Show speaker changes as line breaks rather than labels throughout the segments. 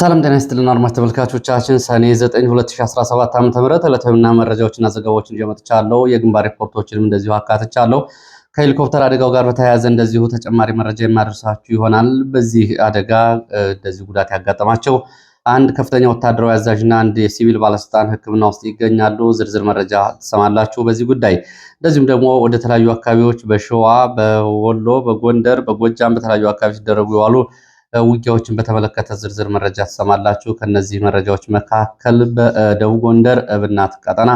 ሰላም ጤና ይስጥልን አድማጭ ተመልካቾቻችን፣ ሰኔ 9 2017 ዓ.ም ዕለታዊና መረጃዎችና ዘገባዎችን ይዤ መጥቻለሁ። የግንባር ሪፖርቶችንም እንደዚሁ አካትቻለሁ። ከሄሊኮፕተር አደጋው ጋር በተያያዘ እንደዚሁ ተጨማሪ መረጃ የማደርሳችሁ ይሆናል። በዚህ አደጋ እንደዚሁ ጉዳት ያጋጠማቸው አንድ ከፍተኛ ወታደራዊ አዛዥና አንድ የሲቪል ባለስልጣን ሕክምና ውስጥ ይገኛሉ። ዝርዝር መረጃ ትሰማላችሁ በዚህ ጉዳይ። እንደዚሁም ደግሞ ወደ ተለያዩ አካባቢዎች በሸዋ፣ በወሎ፣ በጎንደር፣ በጎጃም በተለያዩ አካባቢዎች ሲደረጉ የዋሉ ውጊያዎችን በተመለከተ ዝርዝር መረጃ ትሰማላችሁ። ከነዚህ መረጃዎች መካከል በደቡብ ጎንደር እብናት ቀጠና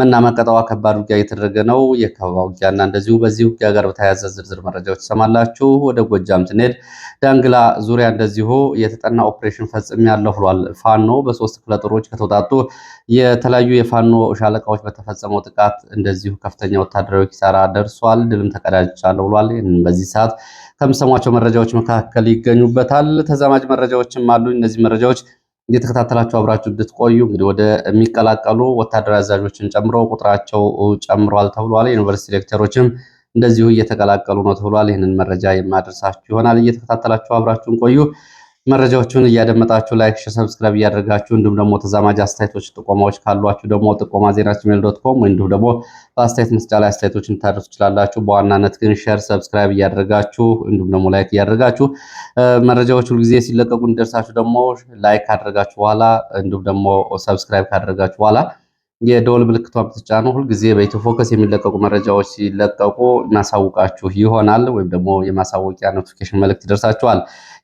መናመቀጠዋ ከባድ ውጊያ እየተደረገ ነው። የከበባ ውጊያና እንደዚሁ በዚህ ውጊያ ጋር በተያያዘ ዝርዝር መረጃዎች ትሰማላችሁ። ወደ ጎጃም ስንሄድ ዳንግላ ዙሪያ እንደዚሁ የተጠና ኦፕሬሽን ፈጽም ያለው ብሏል። ፋኖ በሶስት ክፍለ ጦሮች ከተውጣጡ የተለያዩ የፋኖ ሻለቃዎች በተፈጸመው ጥቃት እንደዚሁ ከፍተኛ ወታደራዊ ኪሳራ ደርሷል። ድልም ተቀዳጅቻለሁ ብሏል። በዚህ ሰዓት ከምሰሟቸው መረጃዎች መካከል ይገኙበታል። ተዛማጅ መረጃዎችም አሉ። እነዚህ መረጃዎች እየተከታተላችሁ አብራችሁ እንድትቆዩ እንግዲህ ወደ የሚቀላቀሉ ወታደራዊ አዛዦችን ጨምሮ ቁጥራቸው ጨምሯል ተብሏል። የዩኒቨርሲቲ ሌክቸሮችም እንደዚሁ እየተቀላቀሉ ነው ተብሏል። ይህንን መረጃ የማደርሳችሁ ይሆናል። እየተከታተላችሁ አብራችሁን ቆዩ። መረጃዎቹን እያደመጣችሁ ላይክ፣ ሰብስክራይብ እያደረጋችሁ እንዲሁም ደግሞ ተዛማጅ አስተያየቶች፣ ጥቆማዎች ካሏችሁ ደግሞ ጥቆማ ዜና ጂሜል ዶት ኮም እንዲሁም ደግሞ በአስተያየት መስጫ ላይ አስተያየቶች እንታደርሱ ትችላላችሁ። በዋናነት ግን ሸር፣ ሰብስክራይብ እያደረጋችሁ እንዲሁም ደግሞ ላይክ እያደረጋችሁ መረጃዎች ሁልጊዜ ሲለቀቁ እንደርሳችሁ ደግሞ ላይክ ካደረጋችሁ በኋላ እንዲሁም ደግሞ ሰብስክራይብ ካደረጋችሁ በኋላ የደወል ምልክቷን ብትጫኑ ሁልጊዜ በኢትዮ ፎከስ የሚለቀቁ መረጃዎች ሲለቀቁ እናሳውቃችሁ ይሆናል። ወይም ደግሞ የማሳወቂያ ኖቲፊኬሽን መልእክት ይደርሳችኋል።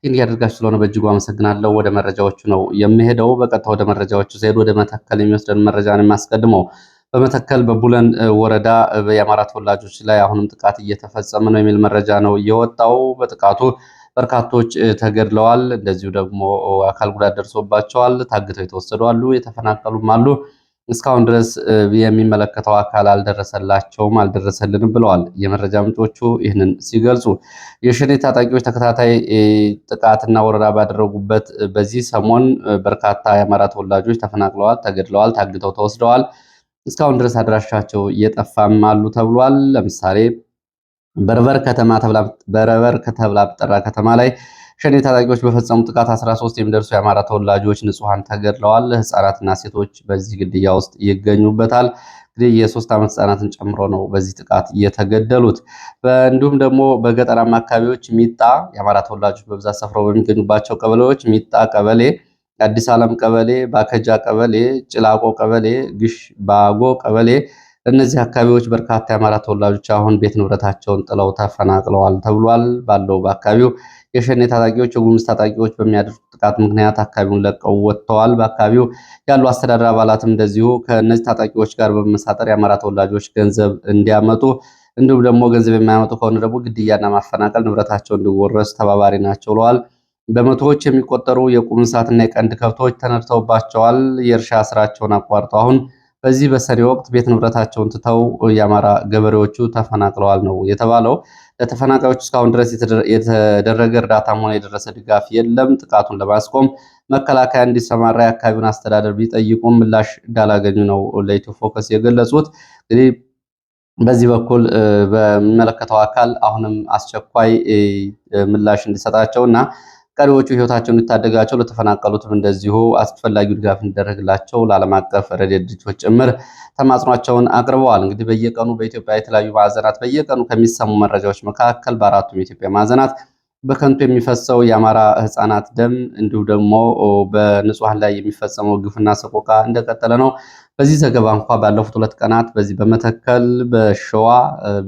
እንዲያደርጋችሁ ስለሆነ በእጅጉ አመሰግናለሁ። ወደ መረጃዎቹ ነው የሚሄደው። በቀጥታ ወደ መረጃዎቹ ሲሄድ ወደ መተከል የሚወስደን መረጃ ነው የማስቀድመው። በመተከል በቡለን ወረዳ የአማራ ተወላጆች ላይ አሁንም ጥቃት እየተፈጸመ ነው የሚል መረጃ ነው የወጣው። በጥቃቱ በርካቶች ተገድለዋል፣ እንደዚሁ ደግሞ አካል ጉዳት ደርሶባቸዋል። ታግተው የተወሰዱ አሉ፣ የተፈናቀሉም አሉ። እስካሁን ድረስ የሚመለከተው አካል አልደረሰላቸውም፣ አልደረሰልንም ብለዋል የመረጃ ምንጮቹ ይህንን ሲገልጹ። የሸኔ ታጣቂዎች ተከታታይ ጥቃትና ወረራ ባደረጉበት በዚህ ሰሞን በርካታ የአማራ ተወላጆች ተፈናቅለዋል፣ ተገድለዋል፣ ታግተው ተወስደዋል። እስካሁን ድረስ አድራሻቸው እየጠፋም አሉ ተብሏል። ለምሳሌ በረበር ከተማ በርበር ከተብላ ከተማ ላይ ሸኔ ታጣቂዎች በፈጸሙ ጥቃት 13 የሚደርሱ የአማራ ተወላጆች ንጹሐን ተገድለዋል። ህጻናትና ሴቶች በዚህ ግድያ ውስጥ ይገኙበታል። እንግዲህ የሶስት ዓመት ህጻናትን ጨምሮ ነው በዚህ ጥቃት የተገደሉት። እንዲሁም ደግሞ በገጠራማ አካባቢዎች ሚጣ የአማራ ተወላጆች በብዛት ሰፍረው በሚገኙባቸው ቀበሌዎች ሚጣ ቀበሌ፣ አዲስ ዓለም ቀበሌ፣ ባከጃ ቀበሌ፣ ጭላቆ ቀበሌ፣ ግሽ ባጎ ቀበሌ እነዚህ አካባቢዎች በርካታ የአማራ ተወላጆች አሁን ቤት ንብረታቸውን ጥለው ተፈናቅለዋል ተብሏል። ባለው በአካባቢው የሸኔ ታጣቂዎች፣ የጉምዝ ታጣቂዎች በሚያደርጉት ጥቃት ምክንያት አካባቢውን ለቀው ወጥተዋል። በአካባቢው ያሉ አስተዳደር አባላትም እንደዚሁ ከእነዚህ ታጣቂዎች ጋር በመሳጠር የአማራ ተወላጆች ገንዘብ እንዲያመጡ እንዲሁም ደግሞ ገንዘብ የማያመጡ ከሆነ ደግሞ ግድያና ማፈናቀል፣ ንብረታቸው እንዲወረስ ተባባሪ ናቸው ብለዋል። በመቶዎች የሚቆጠሩ የቁም እንስሳትና የቀንድ ከብቶች ተነድተውባቸዋል። የእርሻ ስራቸውን አቋርጠው አሁን በዚህ በሰሪ ወቅት ቤት ንብረታቸውን ትተው የአማራ ገበሬዎቹ ተፈናቅለዋል ነው የተባለው። ለተፈናቃዮች እስካሁን ድረስ የተደረገ እርዳታም ሆነ የደረሰ ድጋፍ የለም። ጥቃቱን ለማስቆም መከላከያ እንዲሰማራ የአካባቢውን አስተዳደር ቢጠይቁም ምላሽ እንዳላገኙ ነው ለኢትዮ ፎከስ የገለጹት። እንግዲህ በዚህ በኩል በሚመለከተው አካል አሁንም አስቸኳይ ምላሽ እንዲሰጣቸው እና ቀሪዎቹ ህይወታቸውን እንዲታደጋቸው ለተፈናቀሉትም እንደዚሁ አስፈላጊው ድጋፍ እንዲደረግላቸው ለዓለም አቀፍ ረድኤት ድርጅቶች ጭምር ተማጽኗቸውን አቅርበዋል። እንግዲህ በየቀኑ በኢትዮጵያ የተለያዩ ማዕዘናት በየቀኑ ከሚሰሙ መረጃዎች መካከል በአራቱም የኢትዮጵያ ማዕዘናት በከንቱ የሚፈሰው የአማራ ህጻናት ደም እንዲሁ ደግሞ በንጹሐን ላይ የሚፈጸመው ግፍና ሰቆቃ እንደቀጠለ ነው። በዚህ ዘገባ እንኳ ባለፉት ሁለት ቀናት በዚህ በመተከል በሸዋ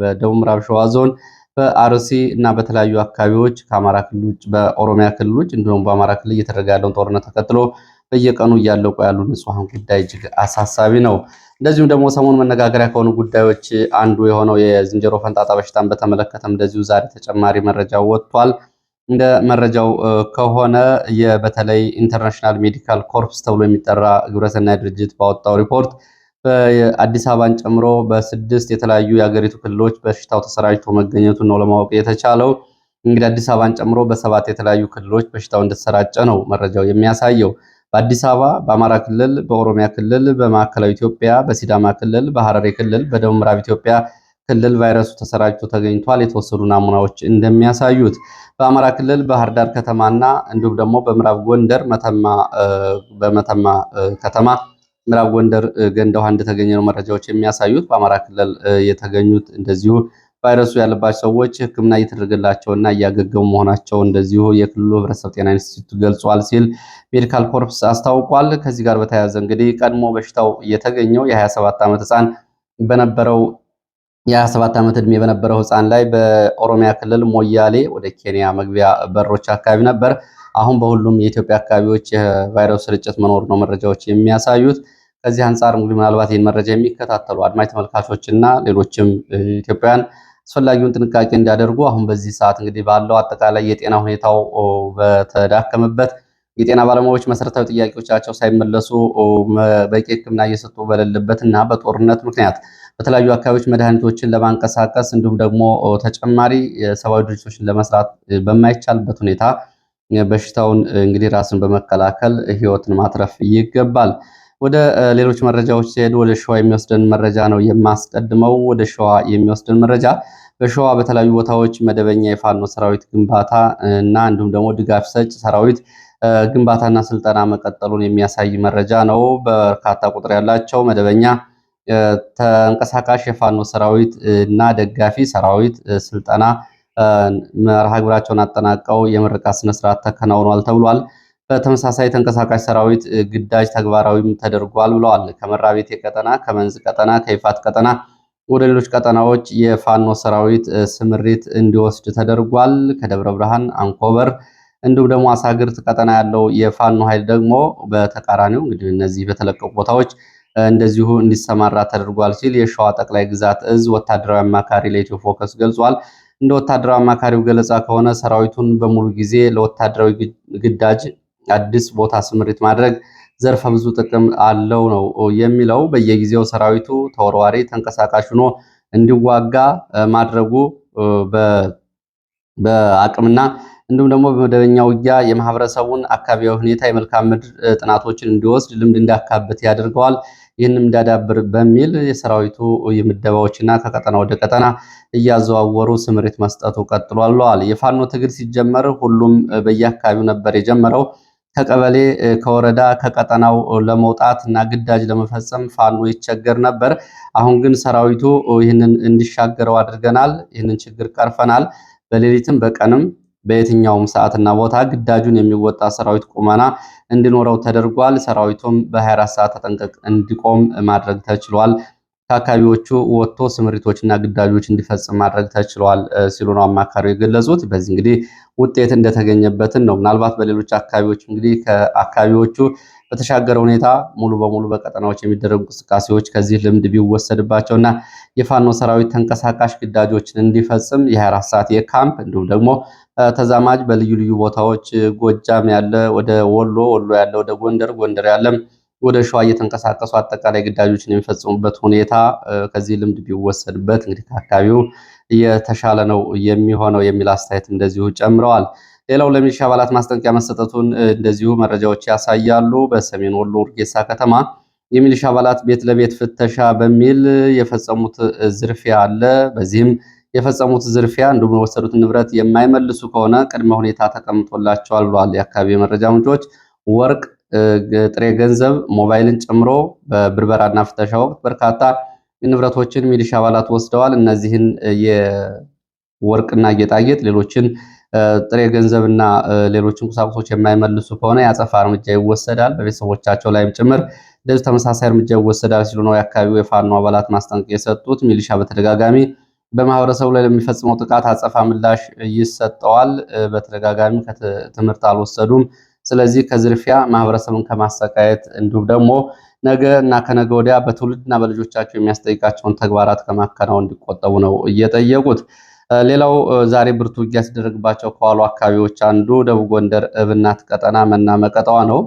በደቡብ ምዕራብ ሸዋ ዞን በአርሲ እና በተለያዩ አካባቢዎች ከአማራ ክልል ውጭ በኦሮሚያ ክልል ውጭ እንዲሁም በአማራ ክልል እየተደረገ ያለውን ጦርነት ተከትሎ በየቀኑ እያለቁ ያሉ ንጹሐን ጉዳይ እጅግ አሳሳቢ ነው። እንደዚሁም ደግሞ ሰሞኑ መነጋገሪያ ከሆኑ ጉዳዮች አንዱ የሆነው የዝንጀሮ ፈንጣጣ በሽታን በተመለከተም እንደዚሁ ዛሬ ተጨማሪ መረጃ ወጥቷል። እንደ መረጃው ከሆነ በተለይ ኢንተርናሽናል ሜዲካል ኮርፕስ ተብሎ የሚጠራ ግብረሰናይ ድርጅት ባወጣው ሪፖርት በአዲስ አበባን ጨምሮ በስድስት የተለያዩ የሀገሪቱ ክልሎች በሽታው ተሰራጅቶ መገኘቱን ነው ለማወቅ የተቻለው። እንግዲህ አዲስ አበባን ጨምሮ በሰባት የተለያዩ ክልሎች በሽታው እንደተሰራጨ ነው መረጃው የሚያሳየው። በአዲስ አበባ፣ በአማራ ክልል፣ በኦሮሚያ ክልል፣ በማዕከላዊ ኢትዮጵያ፣ በሲዳማ ክልል፣ በሐረሪ ክልል፣ በደቡብ ምዕራብ ኢትዮጵያ ክልል ቫይረሱ ተሰራጭቶ ተገኝቷል። የተወሰዱ ናሙናዎች እንደሚያሳዩት በአማራ ክልል ባህር ዳር ከተማና እንዲሁም ደግሞ በምዕራብ ጎንደር በመተማ ከተማ ምዕራብ ጎንደር ገንዳው ውሃ እንደተገኘ ነው መረጃዎች የሚያሳዩት። በአማራ ክልል የተገኙት እንደዚሁ ቫይረሱ ያለባቸው ሰዎች ሕክምና እየተደረገላቸውና እያገገሙ መሆናቸው እንደዚሁ የክልሉ ህብረተሰብ ጤና ኢንስቲትዩት ገልጿል ሲል ሜዲካል ኮርፕስ አስታውቋል። ከዚህ ጋር በተያያዘ እንግዲህ ቀድሞ በሽታው የተገኘው የ27 ዓመት ህፃን በነበረው የ27 ዓመት ዕድሜ በነበረው ህፃን ላይ በኦሮሚያ ክልል ሞያሌ ወደ ኬንያ መግቢያ በሮች አካባቢ ነበር። አሁን በሁሉም የኢትዮጵያ አካባቢዎች የቫይረስ ስርጭት መኖር ነው መረጃዎች የሚያሳዩት። ከዚህ አንጻር እንግዲህ ምናልባት ይህን መረጃ የሚከታተሉ አድማጭ ተመልካቾች እና ሌሎችም ኢትዮጵያውያን አስፈላጊውን ጥንቃቄ እንዲያደርጉ አሁን በዚህ ሰዓት እንግዲህ ባለው አጠቃላይ የጤና ሁኔታው በተዳከመበት የጤና ባለሙያዎች መሰረታዊ ጥያቄዎቻቸው ሳይመለሱ በቂ ሕክምና እየሰጡ በሌለበት እና በጦርነት ምክንያት በተለያዩ አካባቢዎች መድኃኒቶችን ለማንቀሳቀስ እንዲሁም ደግሞ ተጨማሪ የሰብአዊ ድርጅቶችን ለመስራት በማይቻልበት ሁኔታ በሽታውን እንግዲህ ራስን በመከላከል ህይወትን ማትረፍ ይገባል። ወደ ሌሎች መረጃዎች ሲሄድ ወደ ሸዋ የሚወስደን መረጃ ነው የማስቀድመው። ወደ ሸዋ የሚወስደን መረጃ በሸዋ በተለያዩ ቦታዎች መደበኛ የፋኖ ሰራዊት ግንባታ እና እንዲሁም ደግሞ ድጋፍ ሰጭ ሰራዊት ግንባታና ስልጠና መቀጠሉን የሚያሳይ መረጃ ነው። በርካታ ቁጥር ያላቸው መደበኛ ተንቀሳቃሽ የፋኖ ሰራዊት እና ደጋፊ ሰራዊት ስልጠና መርሃ ግብራቸውን አጠናቀው የምረቃ ስነስርዓት ተከናውኗል ተብሏል። በተመሳሳይ ተንቀሳቃሽ ሰራዊት ግዳጅ ተግባራዊም ተደርጓል ብለዋል። ከመራቤቴ ቀጠና፣ ከመንዝ ቀጠና፣ ከይፋት ቀጠና ወደ ሌሎች ቀጠናዎች የፋኖ ሰራዊት ስምሪት እንዲወስድ ተደርጓል። ከደብረ ብርሃን አንኮበር፣ እንዲሁም ደግሞ አሳግርት ቀጠና ያለው የፋኖ ኃይል ደግሞ በተቃራኒው እንግዲህ እነዚህ በተለቀቁ ቦታዎች እንደዚሁ እንዲሰማራ ተደርጓል ሲል የሸዋ ጠቅላይ ግዛት እዝ ወታደራዊ አማካሪ ለኢትዮ ፎከስ ገልጿል። እንደ ወታደራዊ አማካሪው ገለጻ ከሆነ ሰራዊቱን በሙሉ ጊዜ ለወታደራዊ ግዳጅ አዲስ ቦታ ስምሪት ማድረግ ዘርፈ ብዙ ጥቅም አለው ነው የሚለው። በየጊዜው ሰራዊቱ ተወርዋሪ ተንቀሳቃሽ ሆኖ እንዲዋጋ ማድረጉ በአቅምና እንዲሁም ደግሞ በመደበኛ ውጊያ የማህበረሰቡን አካባቢያዊ ሁኔታ የመልካም ምድር ጥናቶችን እንዲወስድ ልምድ እንዲያካብት ያደርገዋል። ይህንም እንዳዳብር በሚል የሰራዊቱ ምደባዎችና ከቀጠና ወደ ቀጠና እያዘዋወሩ ስምሪት መስጠቱ ቀጥሏል። የፋኖ ትግል ሲጀመር ሁሉም በየአካባቢው ነበር የጀመረው። ከቀበሌ ከወረዳ ከቀጠናው ለመውጣት እና ግዳጅ ለመፈጸም ፋኖ ይቸገር ነበር። አሁን ግን ሰራዊቱ ይህንን እንዲሻገረው አድርገናል። ይህንን ችግር ቀርፈናል። በሌሊትም በቀንም በየትኛውም ሰዓትና ቦታ ግዳጁን የሚወጣ ሰራዊት ቁመና እንዲኖረው ተደርጓል። ሰራዊቱም በ24 ሰዓት ተጠንቀቅ እንዲቆም ማድረግ ተችሏል። ከአካባቢዎቹ ወጥቶ ስምሪቶችና ግዳጆች እንዲፈጽም ማድረግ ተችሏል ሲሉ ነው አማካሪው የገለጹት። በዚህ እንግዲህ ውጤት እንደተገኘበትን ነው። ምናልባት በሌሎች አካባቢዎች እንግዲህ ከአካባቢዎቹ በተሻገረ ሁኔታ ሙሉ በሙሉ በቀጠናዎች የሚደረጉ እንቅስቃሴዎች ከዚህ ልምድ ቢወሰድባቸውና የፋኖ ሰራዊት ተንቀሳቃሽ ግዳጆችን እንዲፈጽም የ24 ሰዓት የካምፕ እንዲሁም ደግሞ ተዛማጅ በልዩ ልዩ ቦታዎች ጎጃም ያለ ወደ ወሎ፣ ወሎ ያለ ወደ ጎንደር፣ ጎንደር ያለ ወደ ሸዋ እየተንቀሳቀሱ አጠቃላይ ግዳጆችን የሚፈጽሙበት ሁኔታ ከዚህ ልምድ ቢወሰድበት እንግዲህ ከአካባቢው የተሻለ ነው የሚሆነው የሚል አስተያየት እንደዚሁ ጨምረዋል። ሌላው ለሚሊሻ አባላት ማስጠንቀቂያ መሰጠቱን እንደዚሁ መረጃዎች ያሳያሉ። በሰሜን ወሎ ውርጌሳ ከተማ የሚሊሻ አባላት ቤት ለቤት ፍተሻ በሚል የፈጸሙት ዝርፊያ አለ። በዚህም የፈጸሙት ዝርፊያ እንዲሁም የወሰዱት ንብረት የማይመልሱ ከሆነ ቅድመ ሁኔታ ተቀምጦላቸዋል ብሏል። የአካባቢ መረጃ ምንጮች ወርቅ፣ ጥሬ ገንዘብ፣ ሞባይልን ጨምሮ በብርበራና ፍተሻ ወቅት በርካታ ንብረቶችን ሚሊሻ አባላት ወስደዋል። እነዚህን የወርቅና ጌጣጌጥ፣ ሌሎችን ጥሬ ገንዘብና ሌሎችን ቁሳቁሶች የማይመልሱ ከሆነ የአጸፋ እርምጃ ይወሰዳል፣ በቤተሰቦቻቸው ላይም ጭምር እንደዚህ ተመሳሳይ እርምጃ ይወሰዳል ሲሉ ነው የአካባቢው የፋኖ አባላት ማስጠንቀቅ የሰጡት። ሚሊሻ በተደጋጋሚ በማህበረሰቡ ላይ ለሚፈጽመው ጥቃት አጸፋ ምላሽ ይሰጠዋል። በተደጋጋሚ ትምህርት አልወሰዱም። ስለዚህ ከዝርፊያ ማህበረሰቡን ከማሰቃየት እንዲሁም ደግሞ ነገ እና ከነገ ወዲያ በትውልድና በልጆቻቸው የሚያስጠይቃቸውን ተግባራት ከማከናወን እንዲቆጠቡ ነው እየጠየቁት። ሌላው ዛሬ ብርቱ ውጊያ ሲደረግባቸው ከዋሉ አካባቢዎች አንዱ ደቡብ ጎንደር እብናት ቀጠና መና መቀጠዋ ነው።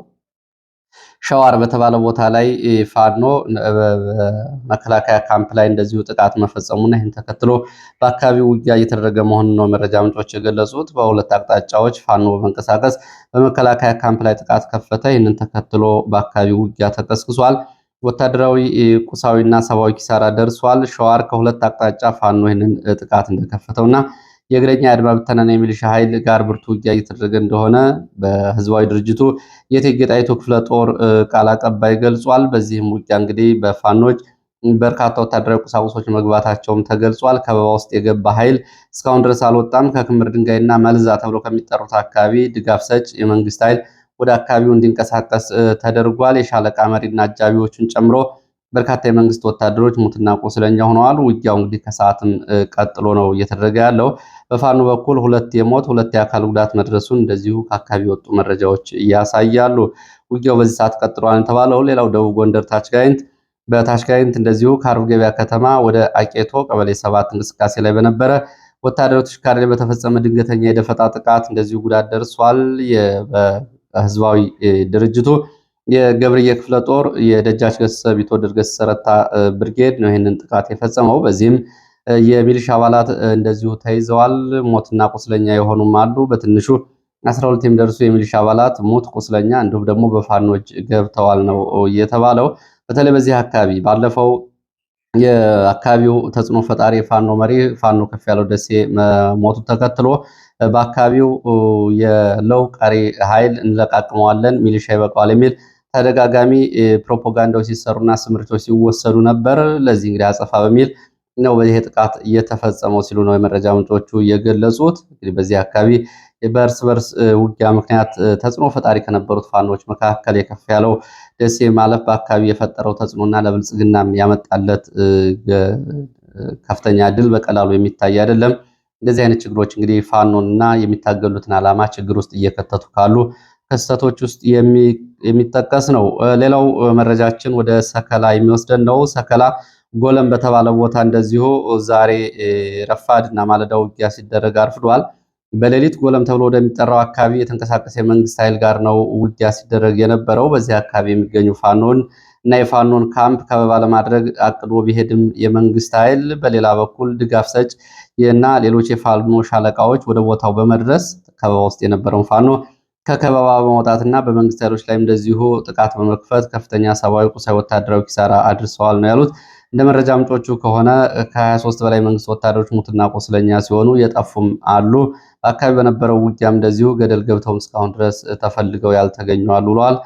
ሸዋር በተባለ ቦታ ላይ ፋኖ መከላከያ ካምፕ ላይ እንደዚሁ ጥቃት መፈጸሙና ይህን ተከትሎ በአካባቢው ውጊያ እየተደረገ መሆኑን ነው መረጃ ምንጮች የገለጹት። በሁለት አቅጣጫዎች ፋኖ በመንቀሳቀስ በመከላከያ ካምፕ ላይ ጥቃት ከፈተ። ይህንን ተከትሎ በአካባቢው ውጊያ ተቀስቅሷል። ወታደራዊ ቁሳዊና ሰብአዊ ኪሳራ ደርሷል። ሸዋር ከሁለት አቅጣጫ ፋኖ ይህንን ጥቃት እንደከፈተውና የእግረኛ የአድማ ብተናና የሚሊሻ ኃይል ጋር ብርቱ ውጊያ እየተደረገ እንደሆነ በህዝባዊ ድርጅቱ የእቴጌ ጣይቱ ክፍለ ጦር ቃል አቀባይ ገልጿል። በዚህም ውጊያ እንግዲህ በፋኖች በርካታ ወታደራዊ ቁሳቁሶች መግባታቸውም ተገልጿል። ከበባ ውስጥ የገባ ኃይል እስካሁን ድረስ አልወጣም። ከክምር ድንጋይና መልዛ ተብሎ ከሚጠሩት አካባቢ ድጋፍ ሰጭ የመንግስት ኃይል ወደ አካባቢው እንዲንቀሳቀስ ተደርጓል። የሻለቃ መሪና አጃቢዎቹን ጨምሮ በርካታ የመንግስት ወታደሮች ሙትና ቁስለኛ ሆነዋል። ውጊያው እንግዲህ ከሰዓትም ቀጥሎ ነው እየተደረገ ያለው። በፋኖ በኩል ሁለት የሞት ሁለት የአካል ጉዳት መድረሱን እንደዚሁ ከአካባቢ የወጡ መረጃዎች እያሳያሉ። ውጊያው በዚህ ሰዓት ቀጥሏል የተባለው ሌላው ደቡብ ጎንደር ታችጋይንት በታችጋይንት እንደዚሁ ከአርብ ገበያ ከተማ ወደ አቄቶ ቀበሌ ሰባት እንቅስቃሴ ላይ በነበረ ወታደራዊ ተሽከርካሪ ላይ በተፈጸመ ድንገተኛ የደፈጣ ጥቃት እንደዚሁ ጉዳት ደርሷል። በህዝባዊ ድርጅቱ የገብርዬ ክፍለ ጦር የደጃች ገሰ ቢትወደድ ገሰ ብርጌድ ነው ይህንን ጥቃት የፈጸመው በዚህም የሚሊሻ አባላት እንደዚሁ ተይዘዋል። ሞትና ቁስለኛ የሆኑም አሉ። በትንሹ 12 የሚደርሱ የሚሊሻ አባላት ሞት፣ ቁስለኛ እንዲሁም ደግሞ በፋኖች ገብተዋል ነው የተባለው። በተለይ በዚህ አካባቢ ባለፈው የአካባቢው ተጽዕኖ ፈጣሪ ፋኖ መሪ ፋኖ ከፍ ያለው ደሴ ሞቱ ተከትሎ በአካባቢው የለው ቀሪ ኃይል እንለቃቅመዋለን ሚሊሻ ይበቃዋል የሚል ተደጋጋሚ ፕሮፓጋንዳዎች ሲሰሩና ስምርቶች ሲወሰዱ ነበር። ለዚህ እንግዲህ አጸፋ በሚል ነው በዚህ ጥቃት እየተፈጸመው ሲሉ ነው የመረጃ ምንጮቹ የገለጹት። እንግዲህ በዚህ አካባቢ በእርስ በርስ ውጊያ ምክንያት ተጽዕኖ ፈጣሪ ከነበሩት ፋኖች መካከል የከፍ ያለው ደሴ ማለፍ በአካባቢ የፈጠረው ተጽዕኖና ለብልጽግና ያመጣለት ከፍተኛ ድል በቀላሉ የሚታይ አይደለም። እንደዚህ አይነት ችግሮች እንግዲህ እና የሚታገሉትን ዓላማ ችግር ውስጥ እየከተቱ ካሉ ክስተቶች ውስጥ የሚጠቀስ ነው። ሌላው መረጃችን ወደ ሰከላ የሚወስደን ነው። ሰከላ ጎለም በተባለ ቦታ እንደዚሁ ዛሬ እና ማለዳ ውጊያ ሲደረግ አርፍዷል። በሌሊት ጎለም ተብሎ ወደሚጠራው አካባቢ የተንቀሳቀሰ የመንግስት ኃይል ጋር ነው ውጊያ ሲደረግ የነበረው። በዚህ አካባቢ የሚገኙ ፋኖን እና የፋኖን ካምፕ ከበባ ለማድረግ አቅዶ ቢሄድም የመንግስት ኃይል በሌላ በኩል ድጋፍ ሰጭ እና ሌሎች የፋኖ ሻለቃዎች ወደ ቦታው በመድረስ ከበባ ውስጥ የነበረውን ፋኖ ከከበባ በመውጣትና በመንግስት ኃይሎች ላይ እንደዚሁ ጥቃት በመክፈት ከፍተኛ ሰብአዊ፣ ቁሳዊ፣ ወታደራዊ ኪሳራ አድርሰዋል ነው ያሉት። እንደ መረጃ ምንጮቹ ከሆነ ከ23 በላይ መንግስት ወታደሮች ሙትና ቆስለኛ ሲሆኑ የጠፉም አሉ። በአካባቢ በነበረው ውጊያም እንደዚሁ ገደል ገብተውም እስካሁን ድረስ ተፈልገው ያልተገኙ አሉ ብለዋል።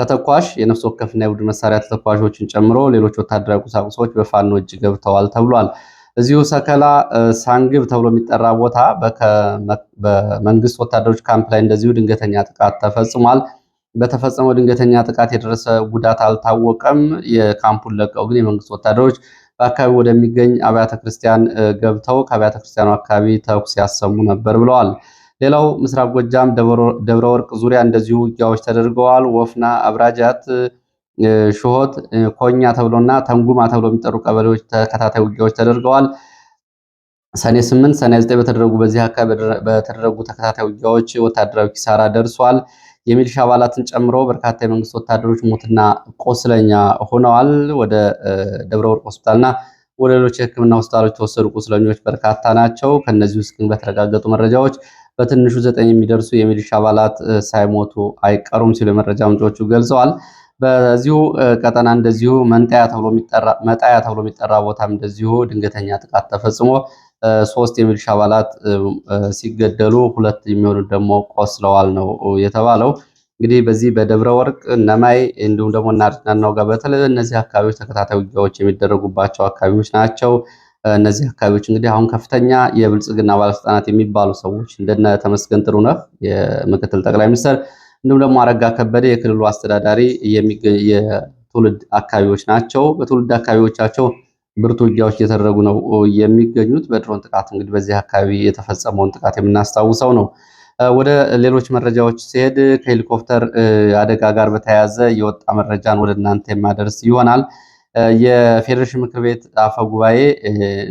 ተተኳሽ የነፍስ ወከፍና የቡድን መሳሪያ ተተኳሾችን ጨምሮ ሌሎች ወታደራዊ ቁሳቁሶች በፋኖ እጅ ገብተዋል ተብሏል። እዚሁ ሰከላ ሳንግብ ተብሎ የሚጠራ ቦታ በመንግስት ወታደሮች ካምፕ ላይ እንደዚሁ ድንገተኛ ጥቃት ተፈጽሟል። በተፈጸመው ድንገተኛ ጥቃት የደረሰ ጉዳት አልታወቀም። የካምፑን ለቀው ግን የመንግስት ወታደሮች በአካባቢ ወደሚገኝ አብያተ ክርስቲያን ገብተው ከአብያተ ክርስቲያኑ አካባቢ ተኩስ ያሰሙ ነበር ብለዋል። ሌላው ምስራቅ ጎጃም ደብረ ወርቅ ዙሪያ እንደዚሁ ውጊያዎች ተደርገዋል። ወፍና፣ አብራጃት፣ ሽሆት፣ ኮኛ ተብሎና ተንጉማ ተብሎ የሚጠሩ ቀበሌዎች ተከታታይ ውጊያዎች ተደርገዋል። ሰኔ ስምንት ሰኔ ዘጠኝ በተደረጉ በዚህ አካባቢ በተደረጉ ተከታታይ ውጊያዎች ወታደራዊ ኪሳራ ደርሷል። የሚሊሻ አባላትን ጨምሮ በርካታ የመንግስት ወታደሮች ሞትና ቆስለኛ ሆነዋል። ወደ ደብረ ወርቅ ሆስፒታልና ወደ ሌሎች የሕክምና ሆስፒታሎች የተወሰዱ ቁስለኞች በርካታ ናቸው። ከእነዚህ ውስጥ ግን በተረጋገጡ መረጃዎች በትንሹ ዘጠኝ የሚደርሱ የሚሊሻ አባላት ሳይሞቱ አይቀሩም ሲሉ የመረጃ ምንጮቹ ገልጸዋል። በዚሁ ቀጠና እንደዚሁ መጣያ ተብሎ የሚጠራ ቦታም እንደዚሁ ድንገተኛ ጥቃት ተፈጽሞ ሶስት የሚሊሻ አባላት ሲገደሉ ሁለት የሚሆኑት ደግሞ ቆስለዋል ነው የተባለው። እንግዲህ በዚህ በደብረ ወርቅ እነማይ እንዲሁም ደግሞ እናርጅናናው ጋር በተለይ እነዚህ አካባቢዎች ተከታታይ ውጊያዎች የሚደረጉባቸው አካባቢዎች ናቸው። እነዚህ አካባቢዎች እንግዲህ አሁን ከፍተኛ የብልጽግና ባለስልጣናት የሚባሉ ሰዎች እንደነ ተመስገን ጥሩነህ የምክትል ጠቅላይ ሚኒስትር እንዲሁም ደግሞ አረጋ ከበደ የክልሉ አስተዳዳሪ የትውልድ አካባቢዎች ናቸው። በትውልድ አካባቢዎቻቸው ብርቱ ውጊያዎች እየተደረጉ ነው የሚገኙት። በድሮን ጥቃት እንግዲህ በዚህ አካባቢ የተፈጸመውን ጥቃት የምናስታውሰው ነው። ወደ ሌሎች መረጃዎች ሲሄድ ከሄሊኮፕተር አደጋ ጋር በተያያዘ የወጣ መረጃን ወደ እናንተ የማደርስ ይሆናል። የፌዴሬሽን ምክር ቤት አፈ ጉባኤ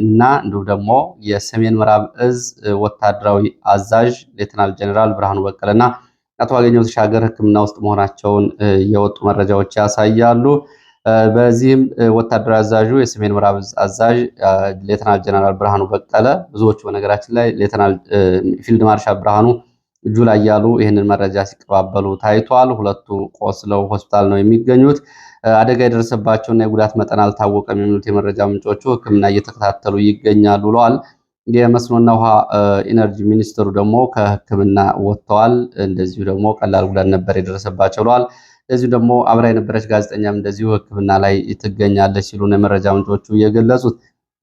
እና እንዲሁም ደግሞ የሰሜን ምዕራብ እዝ ወታደራዊ አዛዥ ሌትናል ጀኔራል ብርሃኑ በቀለና አቶ አገኘው ተሻገር ሕክምና ውስጥ መሆናቸውን የወጡ መረጃዎች ያሳያሉ። በዚህም ወታደራዊ አዛዡ የሰሜን ምዕራብ አዛዥ ሌተናል ጀነራል ብርሃኑ በቀለ ብዙዎቹ በነገራችን ላይ ሌተናል ፊልድ ማርሻል ብርሃኑ እጁ ላይ ያሉ ይህንን መረጃ ሲቀባበሉ ታይቷል። ሁለቱ ቆስለው ሆስፒታል ነው የሚገኙት። አደጋ የደረሰባቸውና የጉዳት መጠን አልታወቀም የሚሉት የመረጃ ምንጮቹ ሕክምና እየተከታተሉ ይገኛሉ ብለዋል። የመስኖና ውሃ ኢነርጂ ሚኒስትሩ ደግሞ ከሕክምና ወጥተዋል። እንደዚሁ ደግሞ ቀላል ጉዳት ነበር የደረሰባቸው ብለዋል። እንደዚሁ ደግሞ አብራ የነበረች ጋዜጠኛም እንደዚሁ ሕክምና ላይ ትገኛለች ሲሉ ነው የመረጃ ምንጮቹ የገለጹት።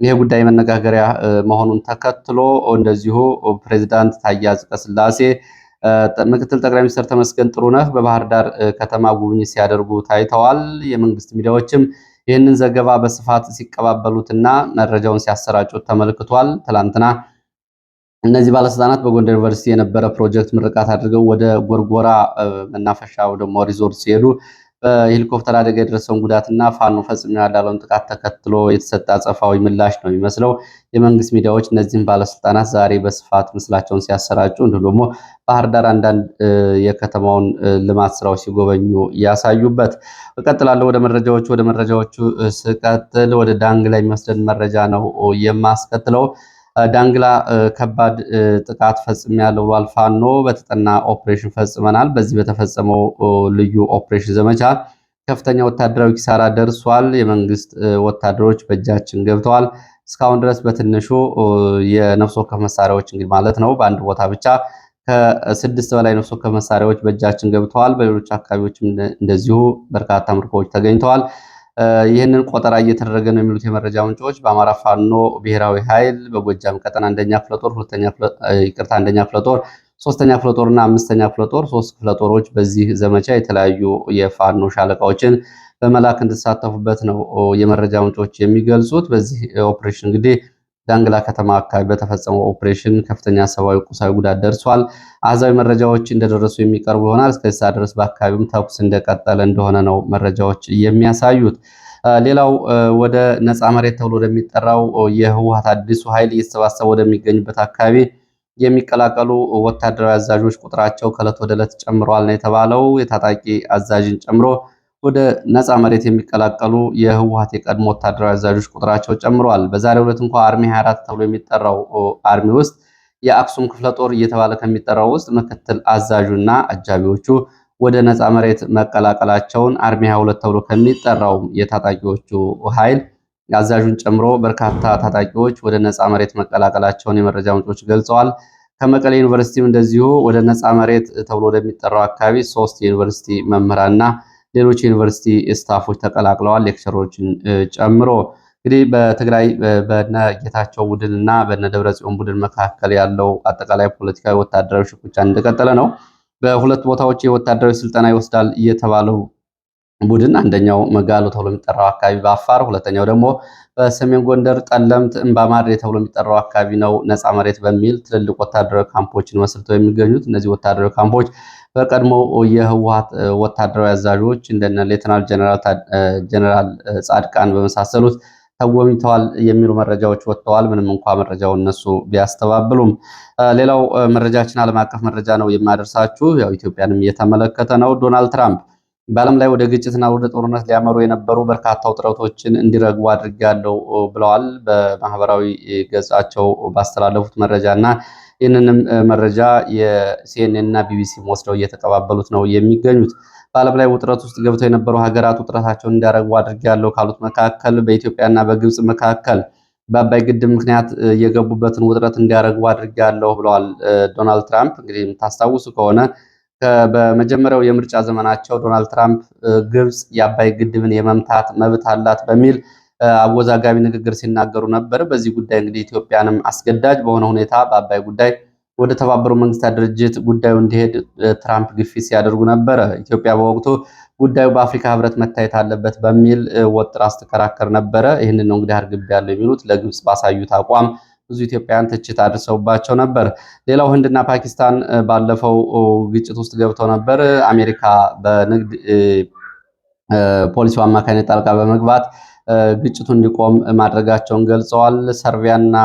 ይሄ ጉዳይ መነጋገሪያ መሆኑን ተከትሎ እንደዚሁ ፕሬዚዳንት ታዬ አጽቀሥላሴ ምክትል ጠቅላይ ሚኒስትር ተመስገን ጥሩነህ በባህር ዳር ከተማ ጉብኝት ሲያደርጉ ታይተዋል። የመንግስት ሚዲያዎችም ይህንን ዘገባ በስፋት ሲቀባበሉትና መረጃውን ሲያሰራጩት ተመልክቷል። ትላንትና እነዚህ ባለስልጣናት በጎንደር ዩኒቨርሲቲ የነበረ ፕሮጀክት ምርቃት አድርገው ወደ ጎርጎራ መናፈሻ ደግሞ ሪዞርት ሲሄዱ በሄሊኮፕተር አደጋ የደረሰውን ጉዳትና ፋኖ ፈጽሞ ያላለውን ጥቃት ተከትሎ የተሰጠ አጸፋዊ ምላሽ ነው የሚመስለው። የመንግስት ሚዲያዎች እነዚህም ባለስልጣናት ዛሬ በስፋት ምስላቸውን ሲያሰራጩ፣ እንዲሁም ደግሞ ባህር ዳር አንዳንድ የከተማውን ልማት ስራዎች ሲጎበኙ ያሳዩበት እቀጥላለሁ። ወደ መረጃዎቹ ወደ መረጃዎቹ ስቀጥል ወደ ዳንግላ የሚወስደን መረጃ ነው የማስከትለው። ዳንግላ ከባድ ጥቃት ያለው ብሏል። ፋኖ በተጠና ኦፕሬሽን ፈጽመናል። በዚህ በተፈጸመው ልዩ ኦፕሬሽን ዘመቻ ከፍተኛ ወታደራዊ ኪሳራ ደርሷል። የመንግስት ወታደሮች በእጃችን ገብተዋል። እስካሁን ድረስ በትንሹ የነፍስ ወከፍ መሳሪያዎች እንግዲህ ማለት ነው በአንድ ቦታ ብቻ ከስድስት በላይ ነፍስ ወከፍ መሳሪያዎች በእጃችን ገብተዋል። በሌሎች አካባቢዎችም እንደዚሁ በርካታ ምርኮዎች ተገኝተዋል። ይህንን ቆጠራ እየተደረገ ነው የሚሉት የመረጃ ምንጮች በአማራ ፋኖ ብሔራዊ ኃይል በጎጃም ቀጠና አንደኛ ሁለተኛ ይቅርታ አንደኛ ክፍለጦር ሶስተኛ ክፍለጦር እና አምስተኛ ክፍለጦር ሶስት ክፍለጦሮች በዚህ ዘመቻ የተለያዩ የፋኖ ሻለቃዎችን በመላክ እንድትሳተፉበት ነው የመረጃ ምንጮች የሚገልጹት። በዚህ ኦፕሬሽን እንግዲህ ዳንግላ ከተማ አካባቢ በተፈጸመው ኦፕሬሽን ከፍተኛ ሰብአዊ፣ ቁሳዊ ጉዳት ደርሷል። አሃዛዊ መረጃዎች እንደደረሱ የሚቀርቡ ይሆናል። እስከዚህ ሰዓት ድረስ በአካባቢውም ተኩስ እንደቀጠለ እንደሆነ ነው መረጃዎች የሚያሳዩት። ሌላው ወደ ነፃ መሬት ተብሎ ወደሚጠራው የህወሀት አዲሱ ኃይል እየተሰባሰበ ወደሚገኝበት አካባቢ የሚቀላቀሉ ወታደራዊ አዛዦች ቁጥራቸው ከእለት ወደ እለት ጨምሯል ነው የተባለው። የታጣቂ አዛዥን ጨምሮ ወደ ነፃ መሬት የሚቀላቀሉ የህወሀት የቀድሞ ወታደራዊ አዛዦች ቁጥራቸው ጨምረዋል። በዛሬ ሁለት እንኳ አርሚ 24 ተብሎ የሚጠራው አርሚ ውስጥ የአክሱም ክፍለ ጦር እየተባለ ከሚጠራው ውስጥ ምክትል አዛዡና አጃቢዎቹ ወደ ነፃ መሬት መቀላቀላቸውን አርሚ 22 ተብሎ ከሚጠራው የታጣቂዎቹ ኃይል አዛዡን ጨምሮ በርካታ ታጣቂዎች ወደ ነፃ መሬት መቀላቀላቸውን የመረጃ ምንጮች ገልጸዋል። ከመቀሌ ዩኒቨርሲቲም እንደዚሁ ወደ ነፃ መሬት ተብሎ ወደሚጠራው አካባቢ ሶስት የዩኒቨርሲቲ መምህራንና ሌሎች ዩኒቨርሲቲ ስታፎች ተቀላቅለዋል፣ ሌክቸሮችን ጨምሮ። እንግዲህ በትግራይ በነ ጌታቸው ቡድን እና በነ ደብረጽዮን ቡድን መካከል ያለው አጠቃላይ ፖለቲካዊ ወታደራዊ ሽኩቻ እንደቀጠለ ነው። በሁለት ቦታዎች የወታደራዊ ስልጠና ይወስዳል የተባለው ቡድን አንደኛው መጋሎ ተብሎ የሚጠራው አካባቢ በአፋር ሁለተኛው ደግሞ በሰሜን ጎንደር ጠለምት እምባማሬ ተብሎ የሚጠራው አካባቢ ነው ነፃ መሬት በሚል ትልልቅ ወታደራዊ ካምፖችን መስርተው የሚገኙት እነዚህ ወታደራዊ ካምፖች በቀድሞ የህወሀት ወታደራዊ አዛዦች እንደነ ሌተናል ጀነራል ጻድቃን በመሳሰሉት ተወሚተዋል የሚሉ መረጃዎች ወጥተዋል። ምንም እንኳ መረጃው እነሱ ቢያስተባብሉም፣ ሌላው መረጃችን ዓለም አቀፍ መረጃ ነው የማደርሳችሁ። ያው ኢትዮጵያንም እየተመለከተ ነው። ዶናልድ ትራምፕ በዓለም ላይ ወደ ግጭትና ወደ ጦርነት ሊያመሩ የነበሩ በርካታ ውጥረቶችን እንዲረግቡ አድርጌያለሁ ብለዋል። በማህበራዊ ገጻቸው ባስተላለፉት መረጃና ይህንንም መረጃ የሲኤንኤን እና ቢቢሲ ወስደው እየተቀባበሉት ነው የሚገኙት። በዓለም ላይ ውጥረት ውስጥ ገብተው የነበሩ ሀገራት ውጥረታቸውን እንዲያረግቡ አድርጌያለሁ ካሉት መካከል በኢትዮጵያና በግብፅ መካከል በአባይ ግድብ ምክንያት የገቡበትን ውጥረት እንዲያረግቡ አድርጌያለሁ ብለዋል ዶናልድ ትራምፕ። እንግዲህ የምታስታውሱ ከሆነ በመጀመሪያው የምርጫ ዘመናቸው ዶናልድ ትራምፕ ግብፅ የአባይ ግድብን የመምታት መብት አላት በሚል አወዛጋቢ ንግግር ሲናገሩ ነበር። በዚህ ጉዳይ እንግዲህ ኢትዮጵያንም አስገዳጅ በሆነ ሁኔታ በአባይ ጉዳይ ወደ ተባበሩ መንግስታት ድርጅት ጉዳዩ እንዲሄድ ትራምፕ ግፊት ሲያደርጉ ነበረ። ኢትዮጵያ በወቅቱ ጉዳዩ በአፍሪካ ህብረት መታየት አለበት በሚል ወጥራ ስትከራከር ነበረ። ይህን ነው እንግዲህ አርግብ ያለው የሚሉት ለግብፅ ባሳዩት አቋም ብዙ ኢትዮጵያውያን ትችት አድርሰውባቸው ነበር። ሌላው ህንድና ፓኪስታን ባለፈው ግጭት ውስጥ ገብተው ነበር። አሜሪካ በንግድ ፖሊሲው አማካኝነት ጣልቃ በመግባት ግጭቱ እንዲቆም ማድረጋቸውን ገልጸዋል። ሰርቢያና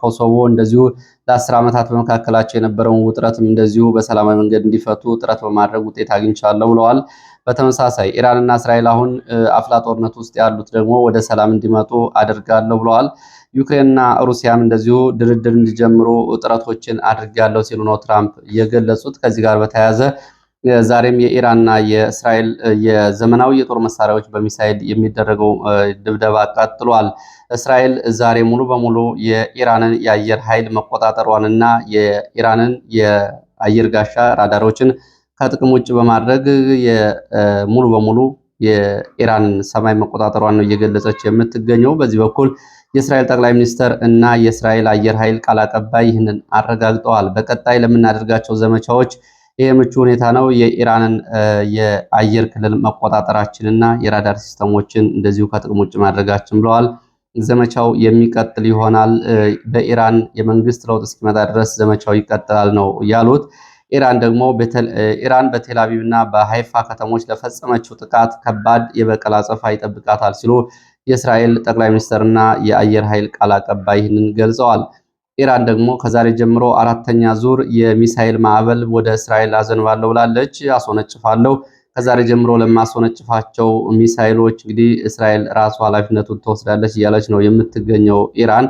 ኮሶቮ እንደዚሁ ለአስር ዓመታት በመካከላቸው የነበረውን ውጥረትም እንደዚሁ በሰላማዊ መንገድ እንዲፈቱ ጥረት በማድረግ ውጤት አግኝቻለሁ ብለዋል። በተመሳሳይ ኢራንና እስራኤል አሁን አፍላ ጦርነት ውስጥ ያሉት ደግሞ ወደ ሰላም እንዲመጡ አድርጋለሁ ብለዋል። ዩክሬንና ሩሲያም እንደዚሁ ድርድር እንዲጀምሩ ጥረቶችን አድርጋለሁ ሲሉ ነው ትራምፕ የገለጹት። ከዚህ ጋር በተያያዘ ዛሬም የኢራንና የእስራኤል የዘመናዊ የጦር መሳሪያዎች በሚሳይል የሚደረገው ድብደባ ቀጥሏል። እስራኤል ዛሬ ሙሉ በሙሉ የኢራንን የአየር ኃይል መቆጣጠሯንና የኢራንን የአየር ጋሻ ራዳሮችን ከጥቅም ውጭ በማድረግ ሙሉ በሙሉ የኢራን ሰማይ መቆጣጠሯን ነው እየገለጸች የምትገኘው። በዚህ በኩል የእስራኤል ጠቅላይ ሚኒስትር እና የእስራኤል አየር ኃይል ቃል አቀባይ ይህንን አረጋግጠዋል። በቀጣይ ለምናደርጋቸው ዘመቻዎች ይህ ምቹ ሁኔታ ነው የኢራንን የአየር ክልል መቆጣጠራችንና የራዳር ሲስተሞችን እንደዚሁ ከጥቅም ውጭ ማድረጋችን ብለዋል። ዘመቻው የሚቀጥል ይሆናል። በኢራን የመንግስት ለውጥ እስኪመጣ ድረስ ዘመቻው ይቀጥላል ነው ያሉት። ኢራን ደግሞ ኢራን በቴል እና በሃይፋ ከተሞች ለፈጸመችው ጥቃት ከባድ የበቀል አጸፋ ይጠብቃታል ሲሉ የእስራኤል ጠቅላይ ሚኒስትርና የአየር ኃይል ቃል አቀባይ ይህንን ገልጸዋል። ኢራን ደግሞ ከዛሬ ጀምሮ አራተኛ ዙር የሚሳኤል ማዕበል ወደ እስራኤል አዘንባለሁ ብላለች። አስወነጭፋለሁ ከዛሬ ጀምሮ ለማስወነጭፋቸው ሚሳኤሎች እንግዲህ እስራኤል ራሱ ኃላፊነቱን ትወስዳለች እያለች ነው የምትገኘው ኢራን።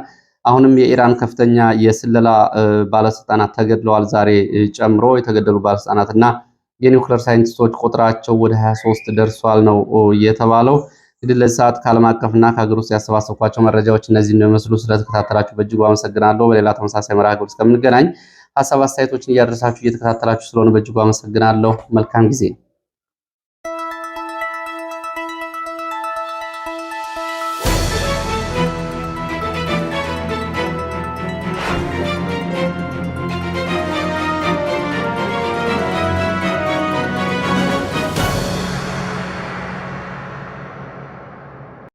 አሁንም የኢራን ከፍተኛ የስለላ ባለስልጣናት ተገድለዋል። ዛሬ ጨምሮ የተገደሉ ባለስልጣናት እና የኒውክሌር ሳይንቲስቶች ቁጥራቸው ወደ 23 ደርሷል ነው የተባለው። እንግዲህ ለዚህ ሰዓት ከዓለም አቀፍና ከሀገር ውስጥ ያሰባሰብኳቸው መረጃዎች እነዚህ እንደሚመስሉ ስለተከታተላችሁ በእጅጉ አመሰግናለሁ። በሌላ ተመሳሳይ መርሃ ግብር እስከምንገናኝ ሀሳብ አስተያየቶችን እያደረሳችሁ እየተከታተላችሁ ስለሆነ በእጅጉ አመሰግናለሁ። መልካም ጊዜ